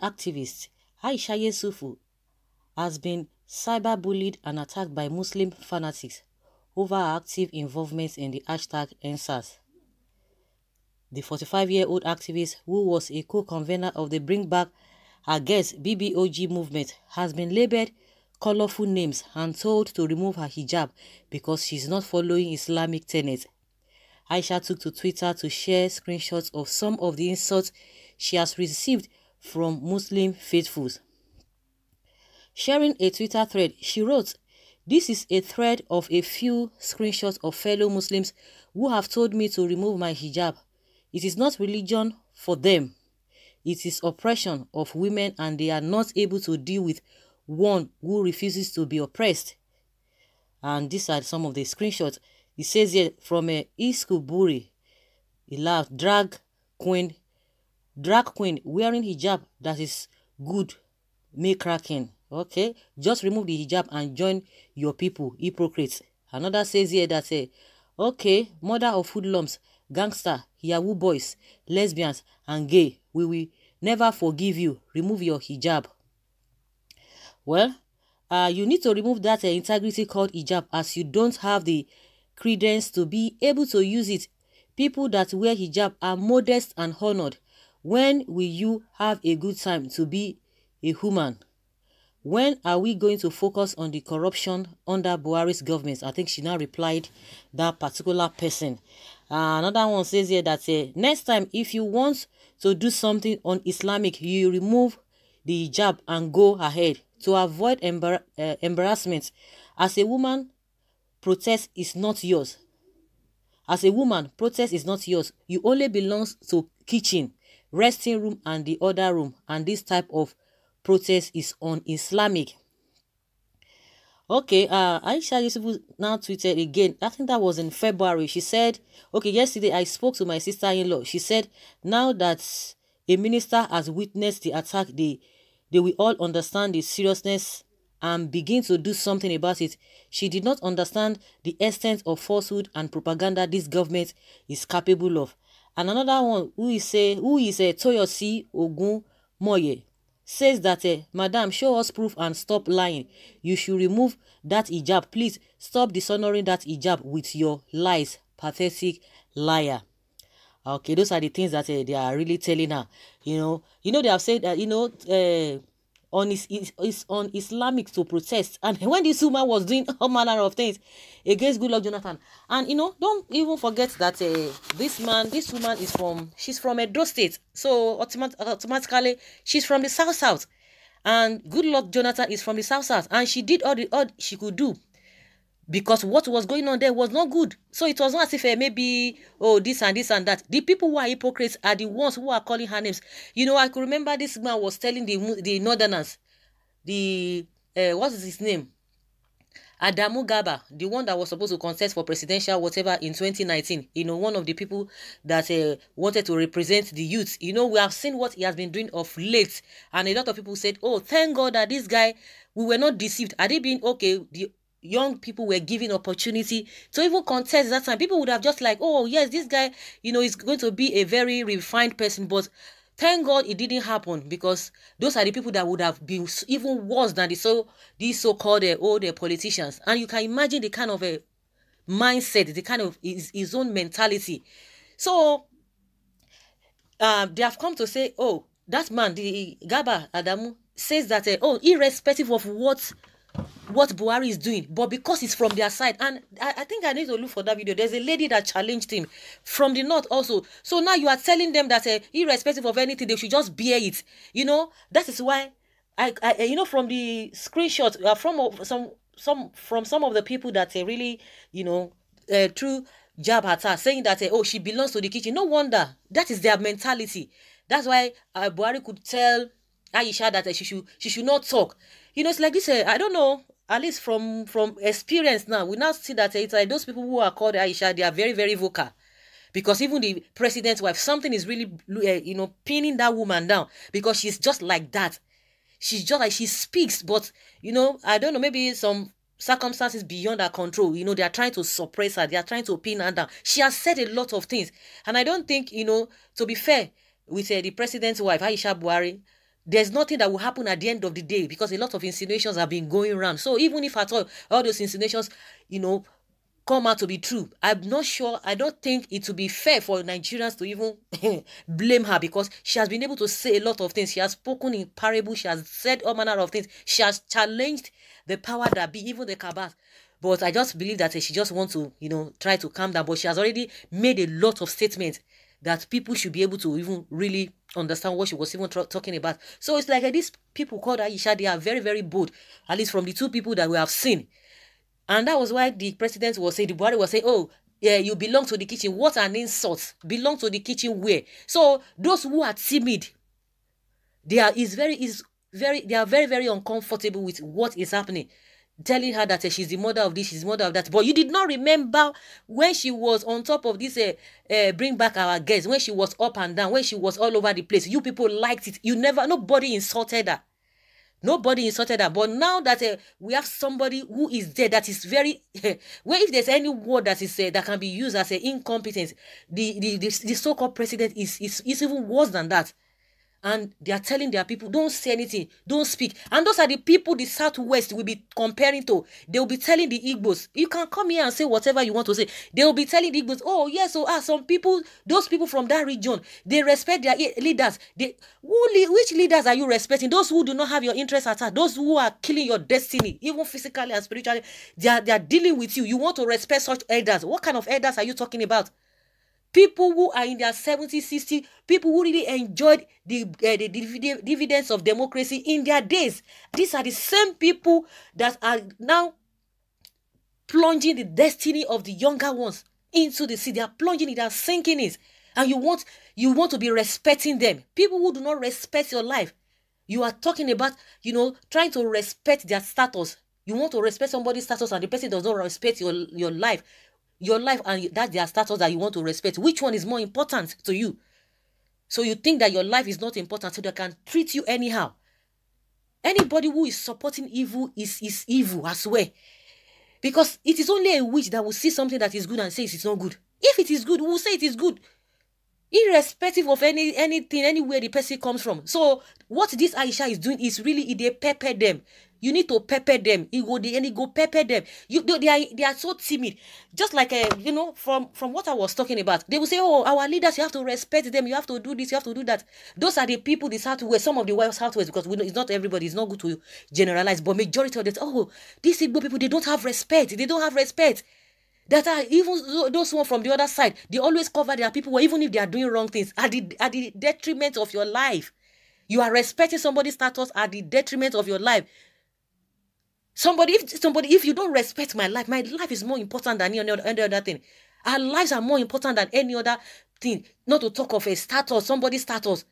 activist Aisha Yusufu has been cyberbullied and attacked by Muslim fanatics over her active involvement in the hashtag #Endsars. The 45-year-old activist, who was a co-convener of the Bring Back Our Girls BBOG movement, has been labeled colorful names and told to remove her hijab because she's not following Islamic tenets. Aisha took to Twitter to share screenshots of some of the insults she has received from Muslim faithfuls. Sharing a Twitter thread, she wrote, This is a thread of a few screenshots of fellow Muslims who have told me to remove my hijab. It is not religion for them. It is oppression of women and they are not able to deal with one who refuses to be oppressed. And these are some of the screenshots. It says here from a Iskuburi, a laugh, drag queen Drag queen wearing hijab that is good may cracking. Okay, just remove the hijab and join your people, hypocrites. Another says here that, say, eh, okay, mother of hoodlums, gangster, Yahoo boys, lesbians, and gay, we will never forgive you. Remove your hijab. Well, uh, you need to remove that uh, integrity called hijab as you don't have the credence to be able to use it. People that wear hijab are modest and honored. When will you have a good time to be a human? When are we going to focus on the corruption under Buhari's government? I think she now replied that particular person. Uh, another one says here that uh, next time if you want to do something on Islamic, you remove the hijab and go ahead to avoid embar uh, embarrassment. As a woman, protest is not yours. As a woman, protest is not yours. You only belongs to kitchen resting room and the other room and this type of protest is un-islamic okay uh aisha Yusuf now tweeted again i think that was in february she said okay yesterday i spoke to my sister-in-law she said now that a minister has witnessed the attack they they will all understand the seriousness and begin to do something about it. She did not understand the extent of falsehood and propaganda this government is capable of. And another one who is a, who is a Toyosi Ogun Moye says that, uh, Madam, show us proof and stop lying. You should remove that hijab. Please stop dishonoring that hijab with your lies. Pathetic liar. Okay, those are the things that uh, they are really telling her. You know, you know they have said that, you know, uh, on his, his, his on Islamic to protest. And when this woman was doing all manner of things against Goodluck Jonathan, and you know, don't even forget that uh, this man, this woman is from she's from Edo State, so automat- automatically she's from the South South, and Goodluck Jonathan is from the South South, and she did all the all she could do because what was going on there was not good. So it was not as if uh, maybe, oh, this and this and that. The people who are hypocrites are the ones who are calling her names. You know, I could remember this man was telling the, the northerners, the, uh, what is his name? Adamu Gaba, the one that was supposed to contest for presidential whatever in 2019, you know, one of the people that uh, wanted to represent the youth. You know, we have seen what he has been doing of late, and a lot of people said, "Oh, thank God that this guy, we were not deceived." Had they been okay, the young people were given opportunity to even contest that time. People would have just like, oh, yes, this guy, you know, is going to be a very refined person. But thank God it didn't happen because those are the people that would have been even worse than the so these so-called uh, old eh, politicians. And you can imagine the kind of a eh, mindset, the kind of his, his own mentality. So um, they have come to say, oh, that man, the Gaba Adamu, says that, uh, oh, irrespective of what what Buhari is doing, but because it's from their side. And I, I, think I need to look for that video. There's a lady that challenged him from the north also. So now you are telling them that uh, irrespective of anything, they should just bear it. You know, that is why I, I eh, you know, from the screenshot uh, from uh, some some from some of the people that uh, really, you know, uh, through jab at her, saying that oh she belongs to the kitchen. No wonder that is their mentality. That's why uh, Buhari could tell Aisha that uh, she should she should not talk. You know, it's like this. Uh, I don't know at least from from experience now, we now see that it's like those people who are called Aisha, they are very, very vocal. Because even the president's wife, something is really, eh, you know, pinning that woman down because she's just like that. She's just like, she speaks, but, you know, I don't know, maybe some circumstances beyond her control. You know, they are trying to suppress her. They are trying to pin her down. She has said a lot of things. And I don't think, you know, to be fair with uh, the president's wife, Aisha Buhari, there's nothing that will happen at the end of the day because a lot of insinuations have been going around. So even if at all all those insinuations, you know, come out to be true, I'm not sure. I don't think it would be fair for Nigerians to even blame her because she has been able to say a lot of things. She has spoken in parable. She has said all manner of things. She has challenged the power that be, even the Kabbath. But I just believe that she just wants to, you know, try to calm down. But she has already made a lot of statements that people should be able to even really understand what she was even talking about. So it's like uh, these people called Aisha, they are very, very bold, at least from the two people that we have seen. And that was why the president was saying, the body was saying, oh, yeah, you belong to the kitchen. What an insult. Belong to the kitchen where. So those who are timid, they are is very is very they are very, very uncomfortable with what is happening telling her that uh, she's the mother of this, she's the mother of that. But you did not remember when she was on top of this uh, uh, bring back our guests, when she was up and down, when she was all over the place. You people liked it. You never, nobody insulted her. Nobody insulted her. But now that we have somebody who is there that is very, well, if there's any word that is that can be used as an incompetence, the, the, the, the so-called president is, is, is even worse than that and they are telling their people, don't say anything, don't speak. And those are the people the Southwest will be comparing to. They will be telling the Igbos, you can come here and say whatever you want to say. They will be telling the Igbos, oh, yes, so oh, ah, some people, those people from that region, they respect their leaders. They, who, which leaders are you respecting? Those who do not have your interests at heart, those who are killing your destiny, even physically and spiritually, they are, they are dealing with you. You want to respect such elders. What kind of elders are you talking about? people who are in their 70 60 people who really enjoyed the, uh, the dividends of democracy in their days these are the same people that are now plunging the destiny of the younger ones into the sea they are plunging it are sinking it and you want you want to be respecting them people who do not respect your life you are talking about you know trying to respect their status you want to respect somebody's status and the person does not respect your your life your life and that their status that you want to respect. Which one is more important to you? So you think that your life is not important, so they can treat you anyhow. Anybody who is supporting evil is, is evil as well. Because it is only a witch that will see something that is good and says it's not good. If it is good, we'll say it is good. Irrespective of any anything, anywhere the person comes from. So what this Aisha is doing is really they pepper them you need to pepper them you go the, and you go pepper them you they, they are they are so timid just like uh, you know from from what i was talking about they will say oh our leaders you have to respect them you have to do this you have to do that those are the people the southwest some of the white southwest because we know it's not everybody it's not good to generalize but majority of this, oh these igbo people they don't have respect they don't have respect that are even those who are from the other side they always cover their people even if they are doing wrong things at the at the detriment of your life you are respecting somebody's status at the detriment of your life Somebody, if somebody, if you don't respect my life, my life is more important than any other, any other thing. Our lives are more important than any other thing. Not to talk of a status, somebody's status.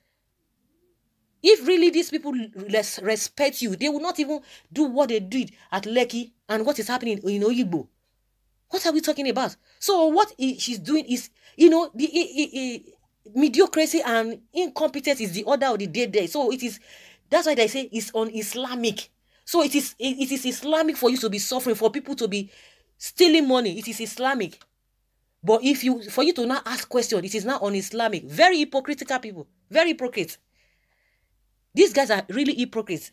If really these people less respect you, they will not even do what they did at Lekki and what is happening in Oyibo. What are we talking about? So what she's doing is, you know, the I, mediocrity and incompetence is the order of the day there. So it is, that's why they say it's on Islamic. So is it, it is Islamic for you to be suffering, for people to be stealing money. It is Islamic. But if you for you to not ask question, it is not un-Islamic. Very hypocritical people. Very hypocrites. These guys are really hypocrites.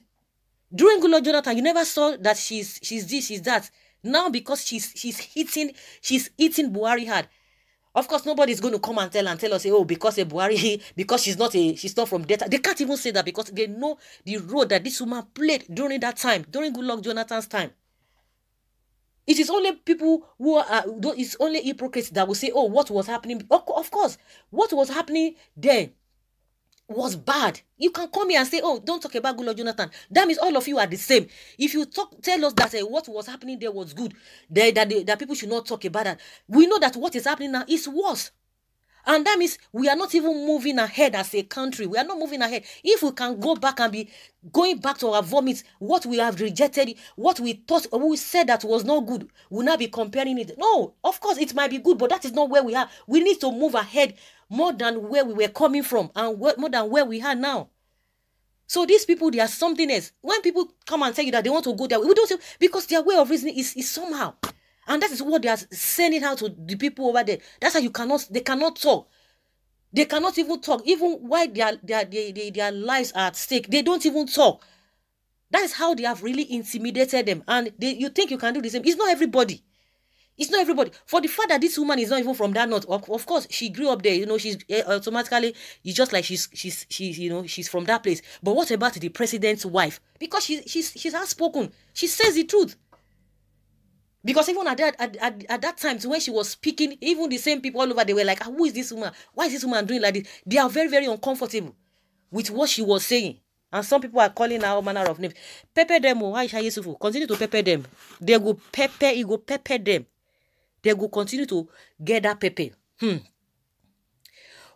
During Gulo Jonathan, you never saw that she's she's this, she's that. Now because she's she's hitting, she's hitting Buhari hard. Of course, nobody's going to come and tell and tell us, oh, because a Buhari, because she's not a, she's not from data They can't even say that because they know the role that this woman played during that time, during Good Luck Jonathan's time. It is only people who are, uh, it's only hypocrites that will say, oh, what was happening? Of course, what was happening then was bad. You can come here and say, oh, don't talk about good Lord Jonathan. That means all of you are the same. If you talk, tell us that uh, what was happening there was good, that, that, that, people should not talk about that. We know that what is happening now is worse. And that means we are not even moving ahead as a country. We are not moving ahead. If we can go back and be going back to our vomit, what we have rejected, what we thought we said that was not good, we'll now be comparing it. No, of course it might be good, but that is not where we are. We need to move ahead more than where we were coming from and more than where we are now. So these people, they are something else. When people come and tell you that they want to go there, we don't say because their way of reasoning is, is somehow. And that is what they are sending out to the people over there. That's how you cannot, they cannot talk. They cannot even talk. Even while their, their, their, their lives are at stake, they don't even talk. That is how they have really intimidated them. And they, you think you can do the same. It's not everybody. It's not everybody. For the fact that this woman is not even from that north, of, of course she grew up there. You know, she's eh, automatically. It's just like she's she's she's you know she's from that place. But what about the president's wife? Because she's she's outspoken. She says the truth. Because even at that at, at, at that time, when she was speaking, even the same people all over they were like, ah, "Who is this woman? Why is this woman doing like this?" They are very very uncomfortable with what she was saying. And some people are calling her all manner of names. Pepper them, why oh, Aisha Yusufu. Continue to pepper them. They go pepper, you go pepper them. they will continue to get that pepper. Hmm.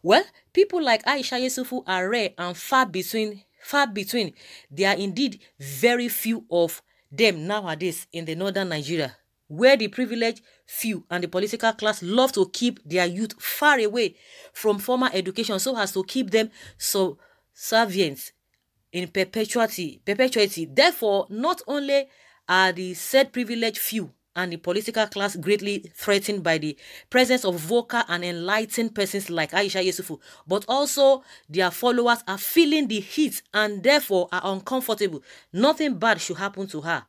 Well, people like Aisha Yesufu are rare and far between. Far between. There are indeed very few of them nowadays in the northern Nigeria, where the privileged few and the political class love to keep their youth far away from formal education so as to keep them subservient in perpetuity. perpetuity. Therefore, not only are the said privileged few and the political class greatly threatened by the presence of vocal and enlightened persons like Aisha Yesufu, but also their followers are feeling the heat and therefore are uncomfortable. Nothing bad should happen to her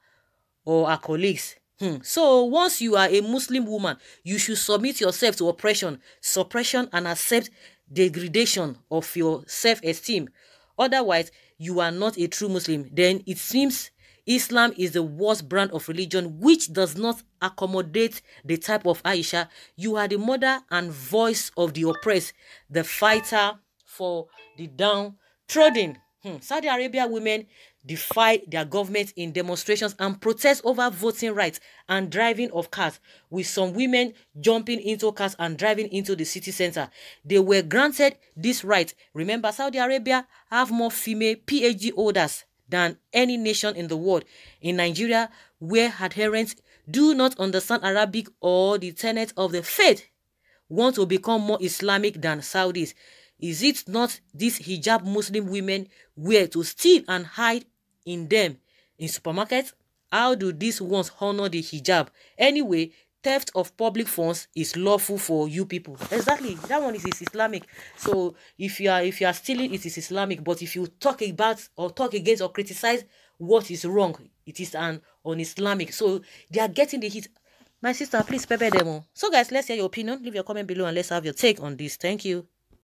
or her colleagues. Hmm. So once you are a Muslim woman, you should submit yourself to oppression, suppression, and accept degradation of your self-esteem. Otherwise, you are not a true Muslim. Then it seems Islam is the worst brand of religion which does not accommodate the type of Aisha. You are the mother and voice of the oppressed, the fighter for the downtrodden. Hmm. Saudi Arabia women defy their government in demonstrations and protests over voting rights and driving of cars, with some women jumping into cars and driving into the city center. They were granted this right. Remember, Saudi Arabia have more female PhD holders than any nation in the world. In Nigeria, where adherents do not understand Arabic or the tenets of the faith, want to become more Islamic than Saudis. Is it not these hijab Muslim women wear to steal and hide in them in supermarkets? How do these ones honor the hijab? Anyway, theft of public funds is lawful for you people exactly that one is, is islamic so if you are if you are stealing it is islamic but if you talk about or talk against or criticize what is wrong it is an un-islamic so they are getting the hit my sister please prepare them all oh. so guys let's hear your opinion leave your comment below and let's have your take on this thank you